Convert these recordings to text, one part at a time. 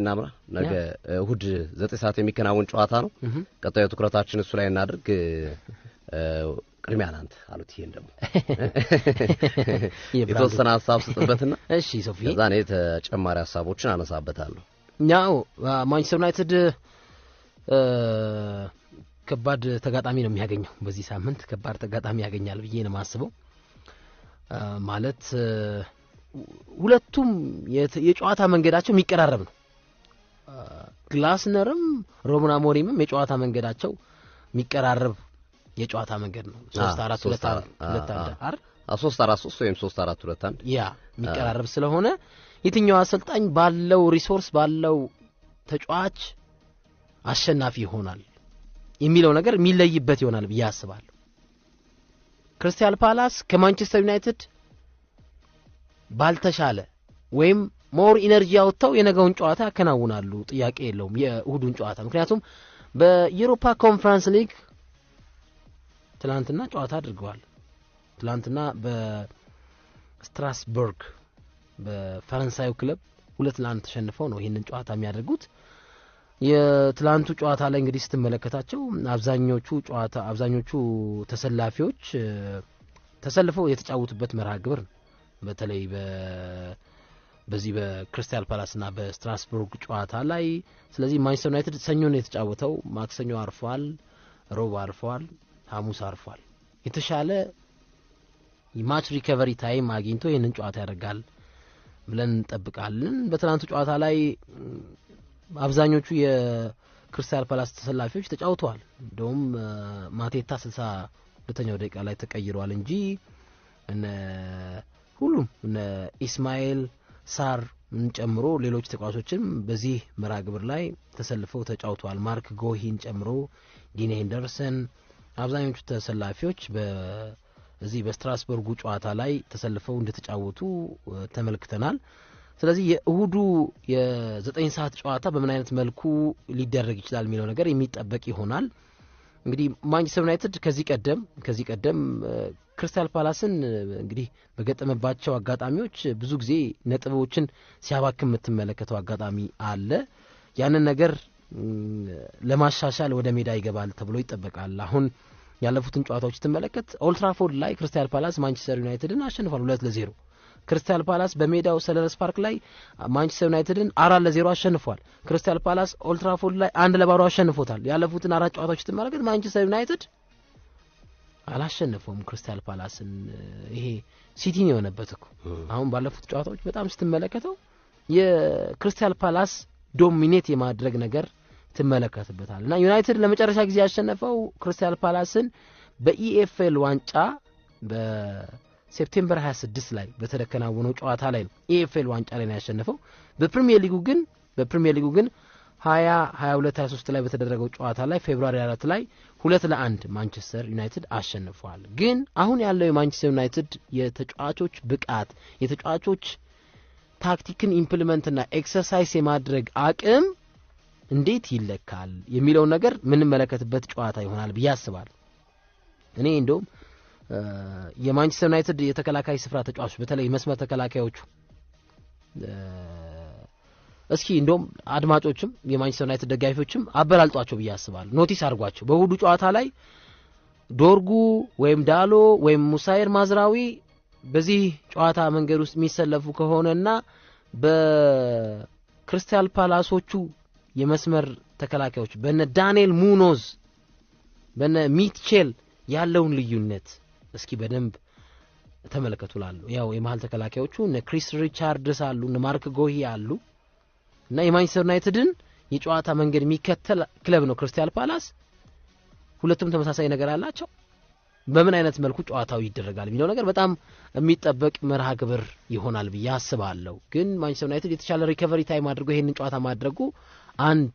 እናምራ። ነገ እሁድ ዘጠኝ ሰዓት የሚከናወን ጨዋታ ነው። ቀጣዩ ትኩረታችን እሱ ላይ እናድርግ። ቅድሚያ ላንተ አሉት። ይሄን ደግሞ የተወሰነ ሀሳብ ስጥበትና እሺ ሶፊ፣ ከዛ እኔ ተጨማሪ ሀሳቦችን አነሳበታለሁ። ያው ማንቸስተር ዩናይትድ ከባድ ተጋጣሚ ነው የሚያገኘው በዚህ ሳምንት ከባድ ተጋጣሚ ያገኛል ብዬ ነው የማስበው። ማለት ሁለቱም የጨዋታ መንገዳቸው የሚቀራረብ ነው ግላስነርም ሮብና ሞሪምም የጨዋታ መንገዳቸው የሚቀራረብ የጨዋታ መንገድ ነው። ሶስት አራት ሁለት ሁለት አንድ ሶስት አራት ሶስት ወይም ሶስት አራት ሁለት አንድ ያ የሚቀራረብ ስለሆነ የትኛው አሰልጣኝ ባለው ሪሶርስ ባለው ተጫዋች አሸናፊ ይሆናል የሚለው ነገር የሚለይበት ይሆናል ብዬ አስባለሁ። ክርስቲያል ፓላስ ከማንቸስተር ዩናይትድ ባልተሻለ ወይም ሞር ኢነርጂ አውጥተው የነገውን ጨዋታ ያከናውናሉ። ጥያቄ የለውም የእሁዱን ጨዋታ ምክንያቱም በዩሮፓ ኮንፈረንስ ሊግ ትላንትና ጨዋታ አድርገዋል። ትላንትና በስትራስበርግ በፈረንሳዩ ክለብ ሁለት ለአንድ ተሸንፈው ነው ይህንን ጨዋታ የሚያደርጉት። የትላንቱ ጨዋታ ላይ እንግዲህ ስትመለከታቸው አብዛኞቹ ጨዋታ አብዛኞቹ ተሰላፊዎች ተሰልፈው የተጫወቱበት መርሃ ግብር ነው። በተለይ በዚህ በክሪስታል ና በስትራስቡርግ ጨዋታ ላይ። ስለዚህ ማንቸስተር ዩናይትድ ሰኞ ነው የተጫወተው። ማክሰኞ አርፏል፣ ሮብ አርፏል፣ ሀሙስ አርፏል። የተሻለ ማች ሪከቨሪ ታይም አግኝቶ ይህንን ጨዋታ ያደርጋል ብለን እንጠብቃለን። በትናንቱ ጨዋታ ላይ አብዛኞቹ የክሪስታል ፓላስ ተሰላፊዎች ተጫውተዋል። እንደውም ማቴታ ስልሳ ሁለተኛው ደቂቃ ላይ ተቀይረዋል እንጂ ሁሉም እነ ኢስማኤል ሳር ጨምሮ ሌሎች ተጫዋቾችም በዚህ መርሃ ግብር ላይ ተሰልፈው ተጫውተዋል። ማርክ ጎሂን ጨምሮ ዲን ሄንደርሰን አብዛኞቹ ተሰላፊዎች በዚህ በስትራስበርጉ ጨዋታ ላይ ተሰልፈው እንደተጫወቱ ተመልክተናል። ስለዚህ የእሁዱ የዘጠኝ ሰዓት ጨዋታ በምን አይነት መልኩ ሊደረግ ይችላል የሚለው ነገር የሚጠበቅ ይሆናል። እንግዲህ ማንቸስተር ዩናይትድ ከዚህ ቀደም ከዚህ ቀደም ክሪስታል ፓላስን እንግዲህ በገጠመባቸው አጋጣሚዎች ብዙ ጊዜ ነጥቦችን ሲያባክ የምትመለከተው አጋጣሚ አለ። ያንን ነገር ለማሻሻል ወደ ሜዳ ይገባል ተብሎ ይጠበቃል። አሁን ያለፉትን ጨዋታዎች ስትመለከት ኦልትራፎርድ ላይ ክሪስታል ፓላስ ማንቸስተር ዩናይትድን አሸንፏል ሁለት ለዜሮ። ክሪስታል ፓላስ በሜዳው ሰለረስ ፓርክ ላይ ማንቸስተር ዩናይትድን አራት ለዜሮ አሸንፏል። ክሪስታል ፓላስ ኦልትራፎርድ ላይ አንድ ለባዶ አሸንፎታል። ያለፉትን አራት ጨዋታዎች ስትመለከት ማንቸስተር ዩናይትድ አላሸነፈውም ክሪስታል ፓላስን። ይሄ ሲቲን የሆነበት እኮ አሁን ባለፉት ጨዋታዎች በጣም ስትመለከተው የክሪስታል ፓላስ ዶሚኔት የማድረግ ነገር ትመለከትበታል እና ዩናይትድ ለመጨረሻ ጊዜ ያሸነፈው ክሪስታል ፓላስን በኢኤፍኤል ዋንጫ በሴፕቴምበር 26 ላይ በተከናወነው ጨዋታ ላይ ነው። ኢኤፍኤል ዋንጫ ላይ ነው ያሸነፈው። በፕሪሚየር ሊጉ ግን በፕሪሚየር ሊጉ ግን ሀያ ሀያ ሁለት ሀያ ሶስት ላይ በተደረገው ጨዋታ ላይ ፌብሩዋሪ አራት ላይ ሁለት ለአንድ ማንቸስተር ዩናይትድ አሸንፏል። ግን አሁን ያለው የማንቸስተር ዩናይትድ የተጫዋቾች ብቃት የተጫዋቾች ታክቲክን ኢምፕሊመንትና ኤክሰርሳይስ የማድረግ አቅም እንዴት ይለካል የሚለውን ነገር ምንመለከትበት ጨዋታ ይሆናል ብዬ አስባል። እኔ እንደውም የማንቸስተር ዩናይትድ የተከላካይ ስፍራ ተጫዋቾች በተለይ መስመር ተከላካዮቹ እስኪ እንደውም አድማጮችም የማንቸስተር ዩናይትድ ደጋፊዎችም አበላልጧቸው ብዬ አስባለሁ። ኖቲስ አድርጓቸው በእሁዱ ጨዋታ ላይ ዶርጉ ወይም ዳሎ ወይም ሙሳይር ማዝራዊ በዚህ ጨዋታ መንገድ ውስጥ የሚሰለፉ ከሆነና በክሪስታል ፓላሶቹ የመስመር ተከላካዮች በነ ዳንኤል ሙኖዝ በነ ሚትቼል ያለውን ልዩነት እስኪ በደንብ ተመለከቱ ያው የመሀል ተከላካዮቹ እነ ክሪስ ሪቻርድስ አሉ፣ እነ ማርክ ጎሂ አሉ። እና የማንቸስተር ዩናይትድን የጨዋታ መንገድ የሚከተል ክለብ ነው ክርስቲያል ፓላስ። ሁለቱም ተመሳሳይ ነገር አላቸው። በምን አይነት መልኩ ጨዋታው ይደረጋል የሚለው ነገር በጣም የሚጠበቅ መርሃ ግብር ይሆናል ብዬ አስባለሁ። ግን ማንቸስተር ዩናይትድ የተሻለ ሪከቨሪ ታይም አድርጎ ይህንን ጨዋታ ማድረጉ አንድ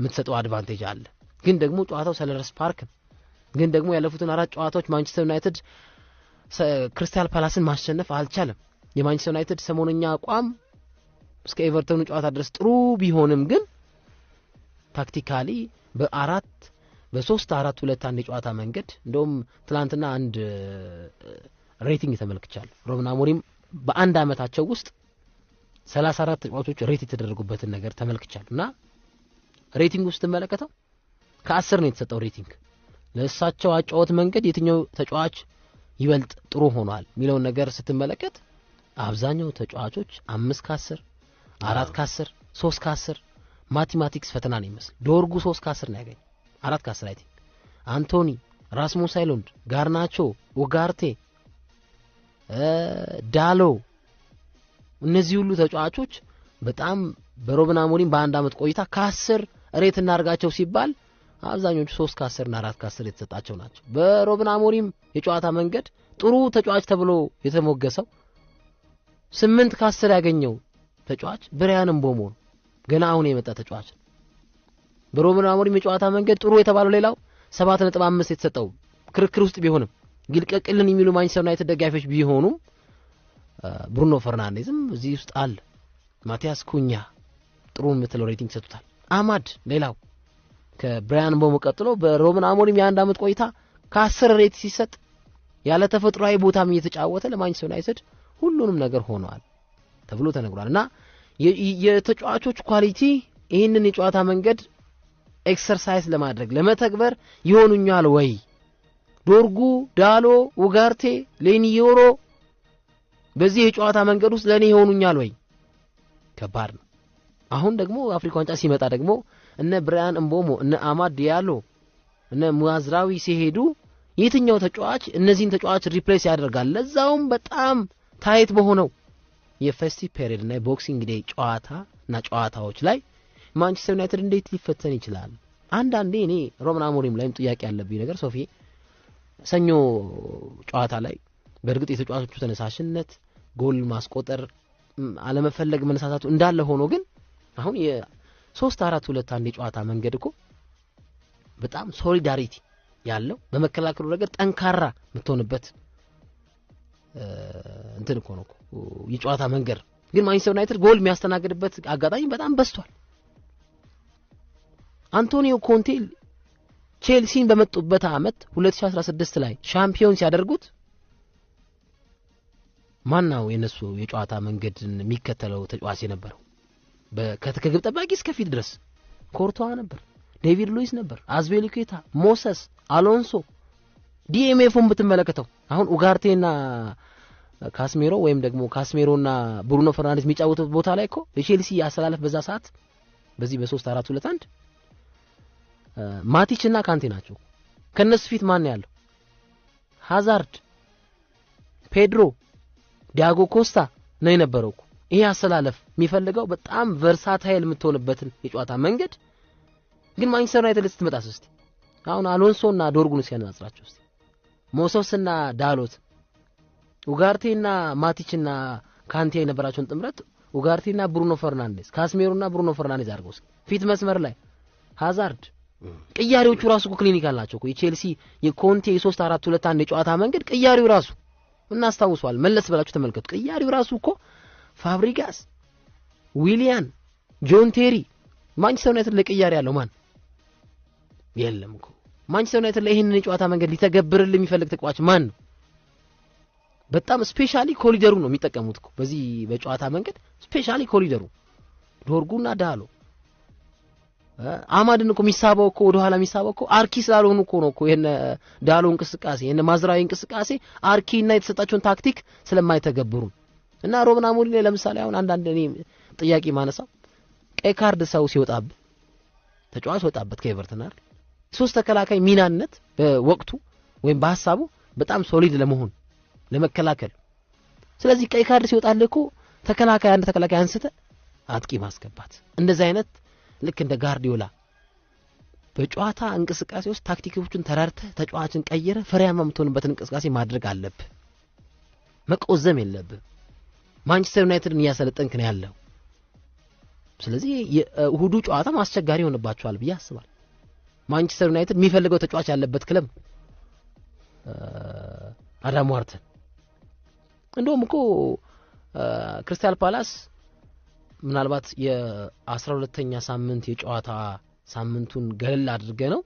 የምትሰጠው አድቫንቴጅ አለ። ግን ደግሞ ጨዋታው ሰለረስ ፓርክ ነው። ግን ደግሞ ያለፉትን አራት ጨዋታዎች ማንቸስተር ዩናይትድ ክርስቲያል ፓላስን ማሸነፍ አልቻለም። የማንቸስተር ዩናይትድ ሰሞነኛ አቋም እስከ ኤቨርተኑ ጨዋታ ድረስ ጥሩ ቢሆንም ግን ታክቲካሊ በአራት በሶስት አራት ሁለት አንድ የጨዋታ መንገድ እንደውም ትላንትና አንድ ሬቲንግ ተመልክቻል። ሮብና ሞሪም በአንድ አመታቸው ውስጥ ሰላሳ አራት ተጫዋቾች ሬት የተደረጉበትን ነገር ተመልክቻል እና ሬቲንግ ውስጥ ስትመለከተው ከአስር ነው የተሰጠው ሬቲንግ ለእሳቸው አጫወት መንገድ የትኛው ተጫዋች ይበልጥ ጥሩ ሆኗል የሚለውን ነገር ስትመለከት አብዛኛው ተጫዋቾች አምስት ከአስር አራት ከአስር ሶስት ከአስር ማቴማቲክስ ፈተና ነው ይመስል ዶርጉ ሶስት ከአስር ነው ያገኝ አራት ከአስር አይ አንቶኒ ራስሙስ ሃይሉንድ ጋርናቾ ኡጋርቴ ዳሎ እነዚህ ሁሉ ተጫዋቾች በጣም በሮብና አሞሪም በአንድ አመት ቆይታ ከአስር ሬት እናርጋቸው ሲባል አብዛኞቹ ሶስት ከአስር ና አራት ከአስር የተሰጣቸው ናቸው። በሮብና አሞሪም የጨዋታ መንገድ ጥሩ ተጫዋች ተብሎ የተሞገሰው ስምንት ከአስር ያገኘው ተጫዋች ብሪያን ምቦሞ ገና አሁን የመጣ ተጫዋች ነው። በሮበን አሞሪም የጨዋታ መንገድ ጥሩ የተባለው ሌላው 7.5 የተሰጠው ክርክር ውስጥ ቢሆንም ግልቀቅልን የሚሉ ማንቸስተር ዩናይትድ ደጋፊዎች ቢሆኑም ብሩኖ ፈርናንዴዝም እዚህ ውስጥ አለ። ማቲያስ ኩኛ ጥሩ የምትለው ሬቲንግ ይሰጡታል። አማድ ሌላው ከብራያን ቦሞ ቀጥሎ በሮብን አሞሪም የአንድ አመት ቆይታ ከአስር ሬት ሲሰጥ ያለ ተፈጥሯዊ ቦታም እየተጫወተ ለማንቸስተር ዩናይትድ ሁሉንም ነገር ሆነዋል። ተብሎ ተነግሯል እና የተጫዋቾች ኳሊቲ ይህንን የጨዋታ መንገድ ኤክሰርሳይዝ ለማድረግ ለመተግበር ይሆኑኛል ወይ? ዶርጉ፣ ዳሎ፣ ውጋርቴ፣ ሌኒዮሮ በዚህ የጨዋታ መንገድ ውስጥ ለእኔ ይሆኑኛል ወይ? ከባድ ነው። አሁን ደግሞ አፍሪካ ዋንጫ ሲመጣ ደግሞ እነ ብራያን እምቦሞ እነ አማድ ዲያሎ እነ ሙዋዝራዊ ሲሄዱ የትኛው ተጫዋች እነዚህን ተጫዋች ሪፕሌስ ያደርጋል? ለዛውም በጣም ታይት በሆነው ፔሪድ ፔሪድና የቦክሲንግ ዴይ ጨዋታ እና ጨዋታዎች ላይ ማንቸስተር ዩናይትድ እንዴት ሊፈተን ይችላል? አንዳንዴ እኔ ሮብን አሞሪም ላይም ጥያቄ ያለብኝ ነገር ሶፊ ሰኞ ጨዋታ ላይ በእርግጥ የተጫዋቾቹ ተነሳሽነት ጎል ማስቆጠር አለመፈለግ መነሳሳቱ እንዳለ ሆኖ ግን አሁን የሶስት አራት ሁለት አንድ የጨዋታ መንገድ እኮ በጣም ሶሊዳሪቲ ያለው በመከላከሉ ረገድ ጠንካራ የምትሆንበት እንትን እኮ ነው የጨዋታ መንገድ ግን ማንቸስተር ዩናይትድ ጎል የሚያስተናግድበት አጋጣሚ በጣም በስቷል። አንቶኒዮ ኮንቴ ቼልሲን በመጡበት አመት 2016 ላይ ሻምፒዮን ሲያደርጉት ማን ነው የነሱ የጨዋታ መንገድን የሚከተለው ተጫዋች የነበረው? ከግብ ጠባቂ እስከ ፊት ድረስ ኮርቷ ነበር፣ ዴቪድ ሉዊስ ነበር፣ አዝቤሊኩታ፣ ሞሰስ፣ አሎንሶ ዲኤምኤፎን ብትመለከተው አሁን ኡጋርቴና ካስሜሮ ወይም ደግሞ ካስሜሮና ብሩኖ ፈርናንዴስ የሚጫወቱበት ቦታ ላይ እኮ የቼልሲ አሰላለፍ በዛ ሰዓት በዚህ በሶስት አራት ሁለት አንድ ማቲች እና ካንቴ ናቸው። ከነሱ ፊት ማን ያለው? ሃዛርድ፣ ፔድሮ፣ ዲያጎ ኮስታ ነው የነበረው። ይሄ አሰላለፍ የሚፈልገው በጣም ቨርሳታይል የምትሆንበትን የጨዋታ መንገድ ግን ማንቸስተር ዩናይትድ ስትመጣ እስቲ አሁን አሎንሶና ዶርጉን ሲያነጻጽራቸው እስቲ ሞሶስና ዳሎት ኡጋርቴና ማቲችና ካንቴ የነበራቸውን ጥምረት ኡጋርቴና ብሩኖ ፈርናንዴስ ካስሜሩና ብሩኖ ፈርናንዴስ አድርገው ፊት መስመር ላይ ሀዛርድ ቅያሪዎቹ ራሱ እኮ ክሊኒካል ናቸው የቼልሲ የኮንቴ የሶስት አራት ሁለት አንድ የጨዋታ መንገድ ቅያሪው ራሱ እናስታውሰዋል። መለስ ብላችሁ ተመልከቱ። ቅያሪው ራሱ እኮ ፋብሪጋስ፣ ዊሊያን፣ ጆን ቴሪ ማንቸስተር ዩናይትድ ለቅያሪ ያለው ማን የለም እኮ ማንቸስተር ዩናይትድ ላይ ይህንን የጨዋታ መንገድ ሊተገብርል የሚፈልግ ተጫዋች ማን ነው? በጣም ስፔሻሊ ኮሊደሩ ነው የሚጠቀሙት እኮ በዚህ በጨዋታ መንገድ ስፔሻሊ ኮሊደሩ ዶርጉና ዳሎ አማድን እኮ የሚሳበው እኮ ወደኋላ ኋላ የሚሳበው እኮ አርኪ ስላልሆኑ እኮ ነው እኮ የነ ዳሎ እንቅስቃሴ የነ ማዝራዊ እንቅስቃሴ አርኪ እና የተሰጣቸውን ታክቲክ ስለማይተገብሩ እና ሮብን አሞሪም ላይ ለምሳሌ አሁን አንዳንድ እኔ ጥያቄ ማነሳው ቀይ ካርድ ሰው ሲወጣብ ተጫዋች ወጣበት ከኤቨርተን አይደል ሶስት ተከላካይ ሚናነት በወቅቱ ወይም በሀሳቡ በጣም ሶሊድ ለመሆን ለመከላከል። ስለዚህ ቀይ ካርድ ሲወጣል እኮ ተከላካይ አንድ ተከላካይ አንስተ አጥቂ ማስገባት እንደዚህ አይነት ልክ እንደ ጋርዲዮላ በጨዋታ እንቅስቃሴ ውስጥ ታክቲኮቹን ተራርተ ተጫዋችን ቀየረ ፍሬያማ የምትሆንበትን እንቅስቃሴ ማድረግ አለብ መቆዘም የለብ ማንቸስተር ዩናይትድን እያሰለጠንክ ነው ያለው። ስለዚህ እሁዱ ጨዋታም አስቸጋሪ ይሆንባቸዋል ብዬ አስባል ማንቸስተር ዩናይትድ የሚፈልገው ተጫዋች ያለበት ክለብ አዳም ዋርተን እንደውም እኮ ክሪስታል ፓላስ ምናልባት የአስራ ሁለተኛ ሳምንት የጨዋታ ሳምንቱን ገለል አድርገ ነው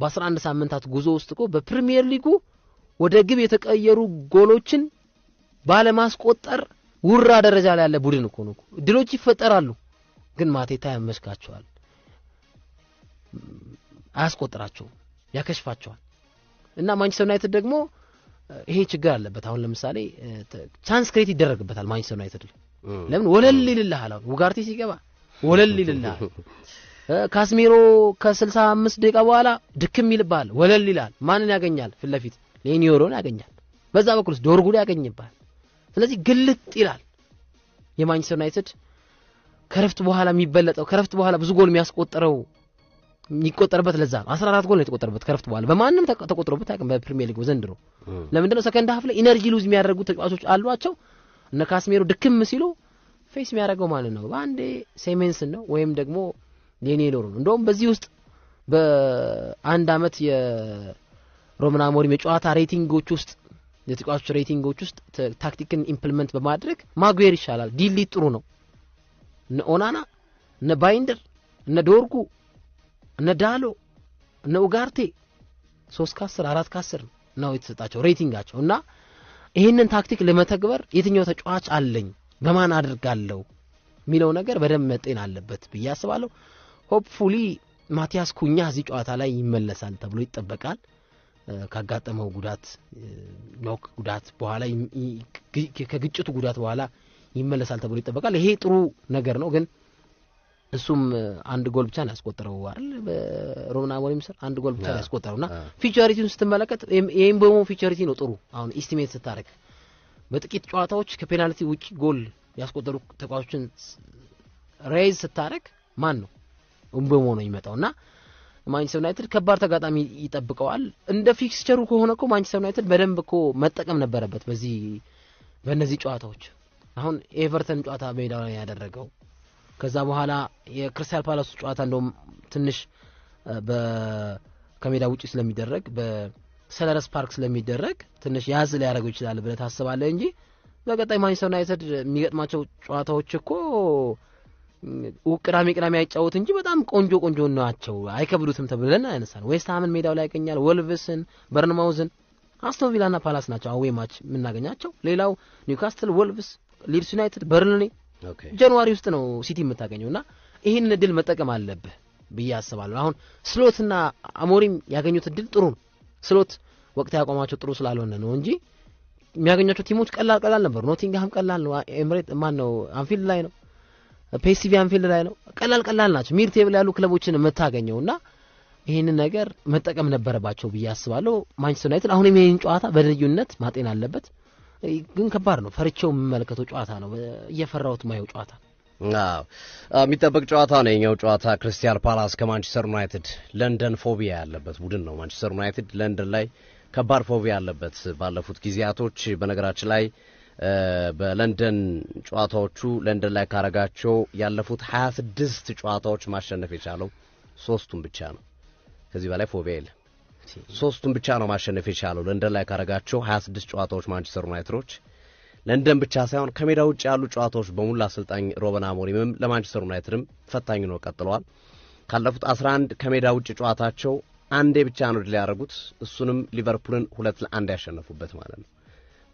በአስራ አንድ ሳምንታት ጉዞ ውስጥ እኮ በፕሪሚየር ሊጉ ወደ ግብ የተቀየሩ ጎሎችን ባለማስቆጠር ውራ ደረጃ ላይ ያለ ቡድን እኮ ነው። ድሎች ይፈጠራሉ፣ ግን ማቴታ ያመሽካቸዋል። አያስቆጥራቸውም፣ ያከሽፋቸዋል። እና ማንቸስተር ዩናይትድ ደግሞ ይሄ ችግር አለበት። አሁን ለምሳሌ ቻንስ ክሬት ይደረግበታል ማንቸስተር ዩናይትድ ለምን ወለል ይልልሃል። አሁን ውጋርቴ ሲገባ ወለል ይልልሃል። ካስሜሮ ከስልሳ አምስት ደቂቃ በኋላ ድክም ይልባል፣ ወለል ይላል። ማንን ያገኛል? ፊት ለፊት ሌኒዮሮን ያገኛል። በዛ በኩል ውስጥ ዶርጉ ያገኝባል። ስለዚህ ግልጥ ይላል የማንቸስተር ዩናይትድ ከረፍት በኋላ የሚበለጠው ከረፍት በኋላ ብዙ ጎል የሚያስቆጥረው የሚቆጠርበት ለዛ ነው። 14 ጎል ነው የተቆጠረበት ከረፍት በኋላ በማንም ተቆጥሮበት አያውቅም በፕሪሚየር ሊግ ዘንድሮ። ለምንድን ነው ሰከንድ ሀፍ ላይ ኢነርጂ ሉዝ የሚያደርጉ ተጫዋቾች አሏቸው። እነ ካስሜሮ ድክም ሲሉ ፌስ የሚያደርገው ማለት ነው በአንዴ ሴሜንስን ነው ወይም ደግሞ ሌኔሎር ነው። እንደውም በዚህ ውስጥ በአንድ አመት የሮምን አሞሪም የጨዋታ ሬቲንጎች ውስጥ የተጫዋቾች ሬቲንጎች ውስጥ ታክቲክን ኢምፕልመንት በማድረግ ማጉዌር ይሻላል። ዲሊት ጥሩ ነው። እነ ኦናና እነ ባይንደር እነ ዶርጉ እነ ዳሎ እነ ኡጋርቴ ሶስት ከአስር አራት ከአስር ነው የተሰጣቸው ሬቲንጋቸው እና ይህንን ታክቲክ ለመተግበር የትኛው ተጫዋች አለኝ በማን አድርጋለሁ የሚለው ነገር በደንብ መጤን አለበት ብዬ አስባለሁ። ሆፕፉሊ ማቲያስ ኩኛ እዚህ ጨዋታ ላይ ይመለሳል ተብሎ ይጠበቃል። ካጋጠመው ጉዳት ሎክ ጉዳት በኋላ ከግጭቱ ጉዳት በኋላ ይመለሳል ተብሎ ይጠበቃል። ይሄ ጥሩ ነገር ነው ግን እሱም አንድ ጎል ብቻ ነው ያስቆጠረው አይደል? በሮብን አሞሪም ስር አንድ ጎል ብቻ ነው ያስቆጠረው እና ፊቸሪቲውን ስትመለከት ይህም በሞ ፊቸሪቲ ነው ጥሩ። አሁን ኢስቲሜት ስታደርግ በጥቂት ጨዋታዎች ከፔናልቲ ውጭ ጎል ያስቆጠሩ ተጫዋቾችን ሬይዝ ስታደርግ ማን ነው እምቦሞ ነው የሚመጣው እና ማንቸስተር ዩናይትድ ከባድ ተጋጣሚ ይጠብቀዋል። እንደ ፊክስቸሩ ከሆነ እኮ ማንቸስተር ዩናይትድ በደንብ እኮ መጠቀም ነበረበት በዚህ በእነዚህ ጨዋታዎች አሁን ኤቨርተን ጨዋታ ሜዳ ላይ ያደረገው ከዛ በኋላ የክርስቲያል ፓላሱ ጨዋታ እንደም ትንሽ ከሜዳ ውጭ ስለሚደረግ በሰለረስ ፓርክ ስለሚደረግ ትንሽ ያዝ ሊያደርገው ይችላል ብለ ታስባለ እንጂ በቀጣይ ማንቸስተር ዩናይትድ የሚገጥማቸው ጨዋታዎች እኮ ቅዳሜ ቅዳሜ አይጫወት እንጂ በጣም ቆንጆ ቆንጆ ናቸው። አይከብዱትም ተብለን አይነሳን። ዌስትሃምን ሜዳው ላይ ያገኛል። ወልቭስን፣ በርንማውዝን፣ አስቶን ፓላስ ናቸው አዌ ማች የምናገኛቸው። ሌላው ኒውካስትል፣ ወልቭስ፣ ሊድስ ዩናይትድ፣ በርንሌ ጃንዋሪ ውስጥ ነው ሲቲ የምታገኘው እና ይህን እድል መጠቀም አለብህ ብዬ አስባለሁ። አሁን ስሎትና አሞሪም ያገኙት እድል ጥሩ ነው። ስሎት ወቅት ያቋማቸው ጥሩ ስላልሆነ ነው እንጂ የሚያገኛቸው ቲሞች ቀላል ቀላል ነበሩ። ኖቲንግሃም ቀላል ነው። ኤምሬት ማን ነው? አንፊልድ ላይ ነው። ፔሲቪ አንፊልድ ላይ ነው። ቀላል ቀላል ናቸው። ሚር ቴብል ያሉ ክለቦችን የምታገኘው እና ይህንን ነገር መጠቀም ነበረባቸው ብዬ አስባለሁ። ማንቸስተር ዩናይትድ አሁንም ይህን ጨዋታ በልዩነት ማጤን አለበት። ግን ከባድ ነው። ፈርቼው የምመለከተው ጨዋታ ነው። እየፈራሁት ማየው ጨዋታ የሚጠበቅ ጨዋታ ነው። የኛው ጨዋታ ክሪስታል ፓላስ ከማንቸስተር ዩናይትድ። ለንደን ፎቢያ ያለበት ቡድን ነው ማንቸስተር ዩናይትድ። ለንደን ላይ ከባድ ፎቢያ ያለበት ባለፉት ጊዜያቶች በነገራችን ላይ በለንደን ጨዋታዎቹ ለንደን ላይ ካረጋቸው ያለፉት ሀያ ስድስት ጨዋታዎች ማሸነፍ የቻለው ሶስቱም ብቻ ነው። ከዚህ በላይ ፎቢያ የለም። ሶስቱን ብቻ ነው ማሸነፍ የቻለው። ለንደን ላይ ካረጋቸው 26 ጨዋታዎች ማንቸስተር ዩናይትዶች ለንደን ብቻ ሳይሆን ከሜዳ ውጭ ያሉ ጨዋታዎች በሙሉ አሰልጣኝ ሮበን አሞሪምም ለማንቸስተር ዩናይትድም ፈታኝ ነው ቀጥለዋል። ካለፉት 11 ከሜዳ ውጭ ጨዋታቸው አንዴ ብቻ ነው ድል ያደረጉት፣ እሱንም ሊቨርፑልን ሁለት ለአንድ ያሸነፉበት ማለት ነው።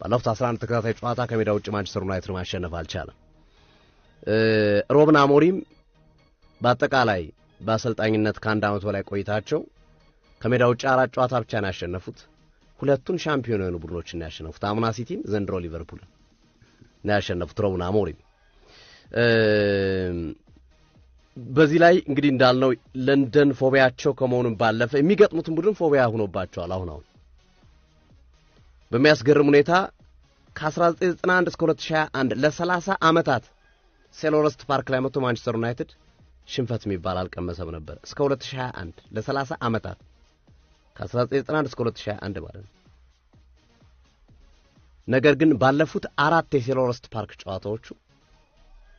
ባለፉት 11 ተከታታይ ጨዋታ ከሜዳ ውጭ ማንቸስተር ዩናይትድ ማሸነፍ አልቻለም። ሮብን አሞሪም በአጠቃላይ በአሰልጣኝነት ከአንድ ዓመት በላይ ቆይታቸው ከሜዳ ውጭ አራት ጨዋታ ብቻ ነው ያሸነፉት። ሁለቱን ሻምፒዮን የሆኑ ቡድኖች ነው ያሸነፉት። አምና ሲቲን፣ ዘንድሮ ሊቨርፑል ነው ያሸነፉት ሩበን አሞሪም። በዚህ ላይ እንግዲህ እንዳልነው ለንደን ፎቢያቸው ከመሆኑም ባለፈ የሚገጥሙትን ቡድን ፎቢያ ሆኖባቸዋል። አሁን አሁን በሚያስገርም ሁኔታ ከ1991 እስከ 2021 ለ30 ዓመታት ሴልኸርስት ፓርክ ላይ መጥቶ ማንቸስተር ዩናይትድ ሽንፈት የሚባል አልቀመሰም ነበር። እስከ 2021 ለ30 ዓመታት ከ1991 እስከ 2021 ማለት ነው። ነገር ግን ባለፉት አራት የሴልኸርስት ፓርክ ጨዋታዎቹ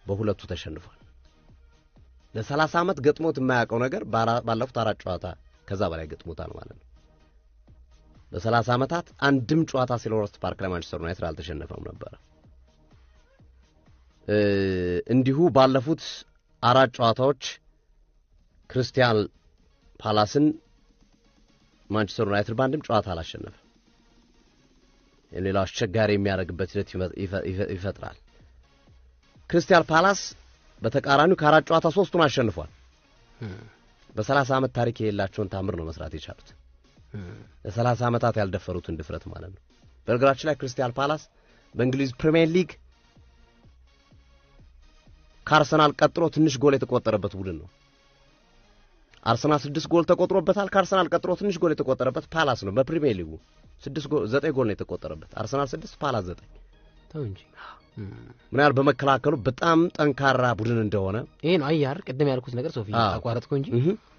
በሁለቱ ተሸንፏል። ለ30 ዓመት ገጥሞት የማያውቀው ነገር ባለፉት አራት ጨዋታ ከዛ በላይ ገጥሞታል ማለት ነው። በ30 ዓመታት አንድም ጨዋታ ሴልኸርስት ፓርክ ለማንቸስተር ዩናይትድ አልተሸነፈም ነበረ። እንዲሁ ባለፉት አራት ጨዋታዎች ክርስቲያን ፓላስን ማንቸስተር ዩናይትድ በአንድም ጨዋታ አላሸነፈ። የሌላው አስቸጋሪ የሚያደርግበት ሂደት ይፈጥራል። ክርስቲያን ፓላስ በተቃራኒው ከአራት ጨዋታ ሶስቱን አሸንፏል። በሰላሳ ዓመት ታሪክ የሌላቸውን ታምር ነው መስራት የቻሉት። ለሰላሳ ዓመታት ያልደፈሩትን ድፍረት ማለት ነው። በነገራችን ላይ ክርስቲያን ፓላስ በእንግሊዝ ፕሪሚየር ሊግ ከአርሰናል ቀጥሎ ትንሽ ጎል የተቆጠረበት ቡድን ነው። አርሰናል ስድስት ጎል ተቆጥሮበታል። ከአርሰናል ቀጥሮ ትንሽ ጎል የተቆጠረበት ፓላስ ነው። በፕሪሚየር ሊጉ ስድስት ጎል ዘጠኝ ጎል ነው የተቆጠረበት። አርሰናል ስድስት ፓላስ ዘጠኝ። ተው እንጂ ምን ያህል በመከላከሉ በጣም ጠንካራ ቡድን እንደሆነ ይሄ ነው። አያር ቅድም ያልኩት ነገር ሶፊ አቋረጥኩ እንጂ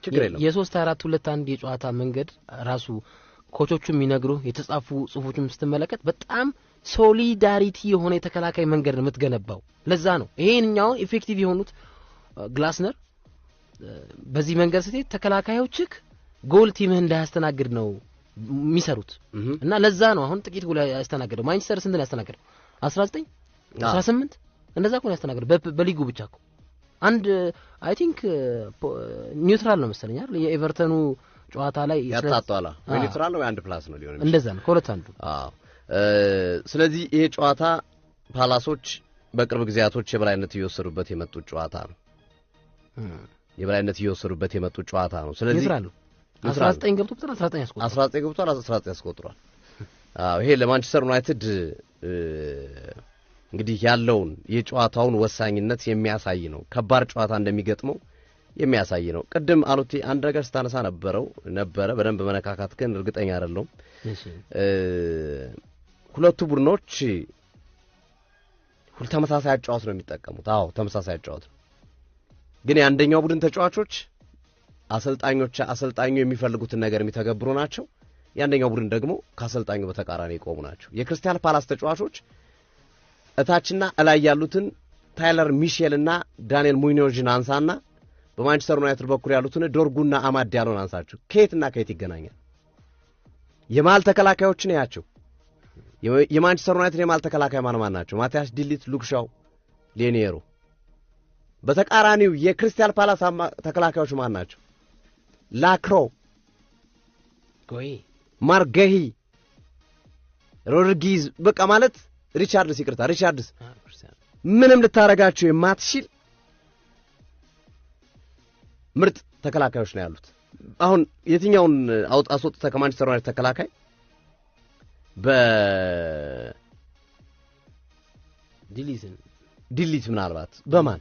ችግር የለም። የሶስት አራት ሁለት አንድ የጨዋታ መንገድ ራሱ ኮቾቹ የሚነግሩ የተጻፉ ጽሁፎችም ስትመለከት በጣም ሶሊዳሪቲ የሆነ የተከላካይ መንገድ ነው የምትገነባው። ለዛ ነው ይሄንኛው ኢፌክቲቭ የሆኑት ግላስነር በዚህ መንገድ ስትሄድ ተከላካዮችክ ጎል ቲምህ እንዳያስተናግድ ነው የሚሰሩት እና ለዛ ነው አሁን ጥቂት ጎል ያስተናገደው። ማንቸስተር ስንት ነው ያስተናገደው? 19 18 እንደዛ እኮ ነው ያስተናገደው በሊጉ ብቻ እኮ አንድ አይ ቲንክ ኒውትራል ነው መሰለኝ አይደል? የኤቨርተኑ ጨዋታ ላይ ያጣጣላ ወይ ኒውትራል ነው አንድ ፕላስ ነው ሊሆን እንደዛ ነው ከሁለት አንዱ። አዎ ስለዚህ ይሄ ጨዋታ ፓላሶች በቅርብ ጊዜያቶች የበላይነት እየወሰዱበት የመጡት ጨዋታ ነው። የበላይነት እየወሰዱበት የመጡ ጨዋታ ነው። ስለዚህ ይስራሉ 19 ገብቶበታል፣ 19 ያስቆጥሯል፣ 19 ገብቷል፣ 19 ያስቆጥሯል። አዎ ይሄ ለማንቸስተር ዩናይትድ እንግዲህ ያለውን የጨዋታውን ወሳኝነት የሚያሳይ ነው። ከባድ ጨዋታ እንደሚገጥመው የሚያሳይ ነው። ቅድም አሉቴ አንድ ነገር ስታነሳ ነበረው ነበረ በደንብ መነካካት ግን እርግጠኛ አይደለሁም። ሁለቱ ቡድኖች ተመሳሳይ አጫዋት ነው የሚጠቀሙት። አዎ ተመሳሳይ አጫዋት ነው ግን የአንደኛው ቡድን ተጫዋቾች አሰልጣኞች አሰልጣኙ የሚፈልጉትን ነገር የሚተገብሩ ናቸው። የአንደኛው ቡድን ደግሞ ከአሰልጣኙ በተቃራኒ የቆሙ ናቸው። የክርስቲያል ፓላስ ተጫዋቾች እታችና እላይ ያሉትን ታይለር ሚሼልና ዳንኤል ሙኒዮዥን አንሳና በማንቸስተር ዩናይትድ በኩል ያሉትን ዶርጉና አማድ ዲያሎን አንሳቸው። ከየትና ከየት ይገናኛል? የመሀል ተከላካዮችን ያቸው። የማንቸስተር ዩናይትድ የመሀል ተከላካይ ማን ማን ናቸው? ማቲያስ ዲሊት፣ ሉክሻው፣ ሌኒየሮ በተቃራኒው የክሪስታል ፓላስ ተከላካዮች ማን ናቸው? ላክሮ፣ ማርገሂ፣ ሮድሪጊዝ በቃ ማለት ሪቻርድስ፣ ይቅርታ ሪቻርድስ ምንም ልታረጋቸው የማትችል ምርጥ ተከላካዮች ነው ያሉት። አሁን የትኛውን አስወጥተ ከማንቸስተር ዩናይትድ ተከላካይ በዲሊት ምናልባት በማን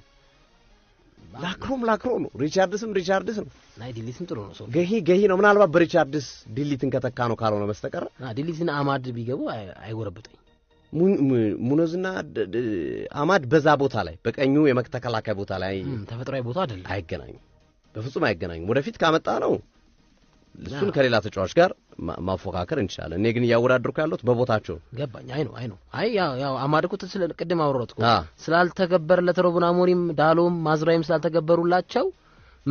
ላክሮም ላክሮ ነው። ሪቻርድስም ሪቻርድስ ነው። ናይ ዲሊትም ጥሩ ነው። ሶፊ ገሂ ገሂ ነው። ምናልባት በሪቻርድስ ዲሊትን ከተካ ነው ካልሆነ በስተቀር ዲሊትን አማድ ቢገቡ አይጎረብጠኝ። ሙኖዝና አማድ በዛ ቦታ ላይ በቀኙ የመተከላካይ ቦታ ላይ ተፈጥሯዊ ቦታ አይደለም፣ አይገናኙም፣ በፍጹም አይገናኙም። ወደፊት ካመጣ ነው እሱን ከሌላ ተጫዋች ጋር ማፎካከር እንችላለን። እኔ ግን እያወዳደርኩ ያለሁት በቦታቸው ገባኝ። አይ ነው አይ ነው አይ ያው ያው አማድኩት ስለ ቅድም አውሮት ስላልተገበረለት ሩበን አሞሪም ዳሎም ማዝራይም ስላልተገበሩላቸው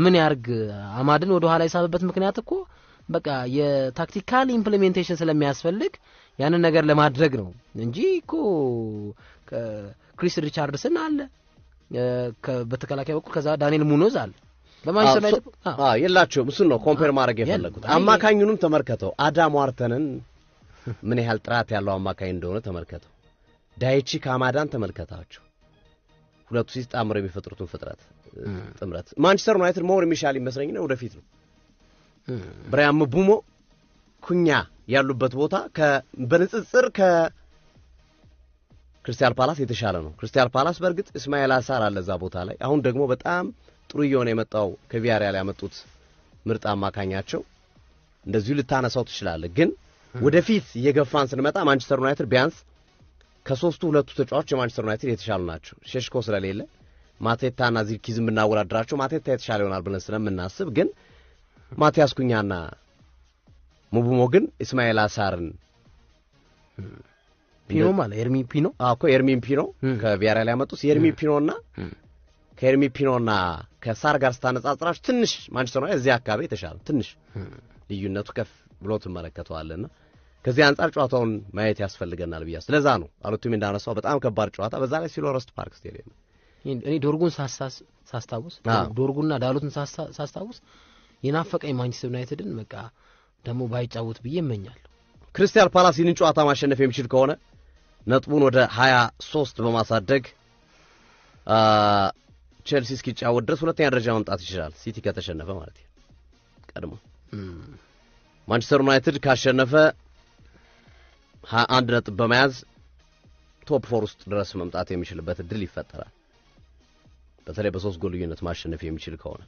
ምን ያርግ አማድን ወደ ኋላ የሳበበት ምክንያት እኮ በቃ የታክቲካል ኢምፕሊሜንቴሽን ስለሚያስፈልግ ያንን ነገር ለማድረግ ነው እንጂ እኮ ክሪስ ሪቻርድስን አለ በተከላካይ በኩል ከዛ ዳንኤል ሙኖዝ አለ በማንቸስተር ዩናይትድ የላቸውም። እሱን ነው ኮምፔር ማድረግ የፈለጉት። አማካኙንም ተመልከተው። አዳም ዋርተንን ምን ያህል ጥራት ያለው አማካኝ እንደሆነ ተመልከተው። ዳይቺ ካማዳን ተመልከታቸው። ሁለቱ ሲጣምረው የሚፈጥሩትን ፍጥረት ጥምረት ማንቸስተር ዩናይትድ መሆን የሚሻል ይመስለኝ ነው ወደፊት ነው ብራያም ቡሞ ኩኛ ያሉበት ቦታ በንጽጽር ከክርስቲያን ፓላስ የተሻለ ነው። ክርስቲያን ፓላስ በእርግጥ እስማኤል አሳር አለ እዛ ቦታ ላይ አሁን ደግሞ በጣም ጥሩ እየሆነ የመጣው ከቪያሪያል ያመጡት ምርጥ አማካኛቸው እንደዚሁ ልታነሳው ትችላለህ። ግን ወደፊት እየገፋን ስንመጣ ማንቸስተር ዩናይትድ ቢያንስ ከሶስቱ ሁለቱ ተጫዋች የማንቸስተር ዩናይትድ የተሻሉ ናቸው። ሼሽኮ ስለሌለ ማቴታና ዚርኪዝ የምናወዳድራቸው ማቴታ የተሻለ ይሆናል ብለን ስለምናስብ፣ ግን ማቲያስ ኩኛና ሙቡሞ ግን እስማኤል አሳርን ፒኖ ማለት ኤርሚ ፒኖ እኮ ኤርሚ ፒኖ ከቪያሪያል ያመጡት ኤርሚ ፒኖ ከኤርሚ ፒኖና ከሳር ጋር ስታነጻጽራች ትንሽ ማንቸስተር ዩናይትድ እዚህ አካባቢ የተሻለ ትንሽ ልዩነቱ ከፍ ብሎ ትመለከተዋለና ከዚህ አንጻር ጨዋታውን ማየት ያስፈልገናል ብያ ስለዛ ነው አሉቱም እንዳነሳው በጣም ከባድ ጨዋታ በዛ ላይ ሲልቨርስቶን ፓርክ ስቴዲየም እኔ ዶርጉን ሳስታውስ ዶርጉና ዳሎትን ሳስታውስ የናፈቀኝ ማንቸስተር ዩናይትድን በቃ ደግሞ ባይጫወት ብዬ እመኛለሁ። ክሪስታል ፓላስ ይህንን ጨዋታ ማሸነፍ የሚችል ከሆነ ነጥቡን ወደ ሶስት በማሳደግ ቸልሲ እስኪጫወት ድረስ ሁለተኛ ደረጃ መምጣት ይችላል፣ ሲቲ ከተሸነፈ ማለት ነው። ቀድሞ ማንቸስተር ዩናይትድ ካሸነፈ ሀያ አንድ ነጥብ በመያዝ ቶፕ ፎር ውስጥ ድረስ መምጣት የሚችልበት እድል ይፈጠራል። በተለይ በሶስት ጎል ልዩነት ማሸነፍ የሚችል ከሆነ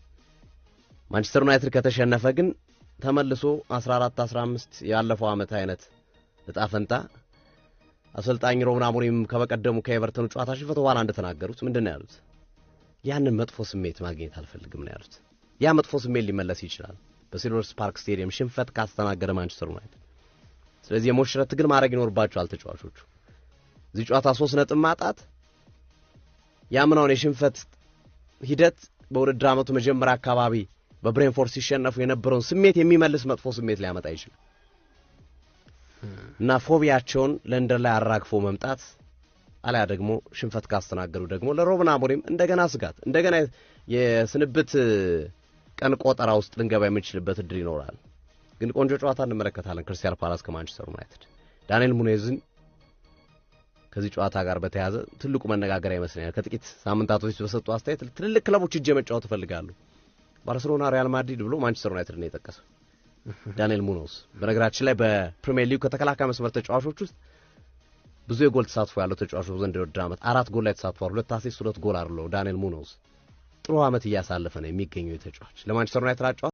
ማንቸስተር ዩናይትድ ከተሸነፈ ግን ተመልሶ 14 15 ያለፈው ዓመት አይነት እጣ ፈንታ አሰልጣኝ ሮብን አሞሪም ከበቀደሙ ከኤቨርተኑ ጨዋታ ሽፈት በኋላ እንደተናገሩት ምንድን ነው ያሉት? ያንን መጥፎ ስሜት ማግኘት አልፈልግም ነው ያሉት። ያ መጥፎ ስሜት ሊመለስ ይችላል በሲልቨርስ ፓርክ ስቴዲየም ሽንፈት ካስተናገደ ማንቸስተር ዩናይትድ። ስለዚህ የሞሽረት ትግል ማድረግ ይኖርባቸዋል ተጫዋቾቹ። እዚህ ጨዋታ ሶስት ነጥብ ማጣት የአምናውን የሽንፈት ሂደት በውድድር ዓመቱ መጀመሪያ አካባቢ በብሬንፎርድ ሲሸነፉ የነበረውን ስሜት የሚመልስ መጥፎ ስሜት ሊያመጣ ይችላል እና ፎቢያቸውን ለንደን ላይ አራግፎ መምጣት አሊያ ደግሞ ሽንፈት ካስተናገዱ ደግሞ ለሮበን አሞሪም እንደገና ስጋት እንደገና የስንብት ቀን ቆጠራ ውስጥ ልንገባ የምንችልበት እድል ይኖራል። ግን ቆንጆ ጨዋታ እንመለከታለን። ክርስቲያን ፓላስ ከማንቸስተር ዩናይትድ ዳንኤል ሙኔዝን ከዚህ ጨዋታ ጋር በተያያዘ ትልቁ መነጋገሪያ ይመስለኛል። ከጥቂት ሳምንታት በፊት በሰጡ አስተያየት ትልልቅ ክለቦች እጅ መጫወት ይፈልጋሉ። ባርሴሎና፣ ሪያል ማድሪድ ብሎ ማንቸስተር ዩናይትድ ነው የጠቀሰው ዳንኤል ሙኖስ። በነገራችን ላይ በፕሪሚየር ሊግ ከተከላካይ መስመር ተጫዋቾች ውስጥ ብዙ የጎል ተሳትፎ ያለው ተጫዋች በዘንድሮው የውድድር ዓመት አራት ጎል ላይ ተሳትፏል። ሁለት አሴስ ሁለት ጎል አለው ዳንኤል ሙኖዝ ጥሩ ዓመት እያሳለፈ ነው የሚገኘው የተጫዋች ለማንቸስተር ዩናይትድ አጫዋች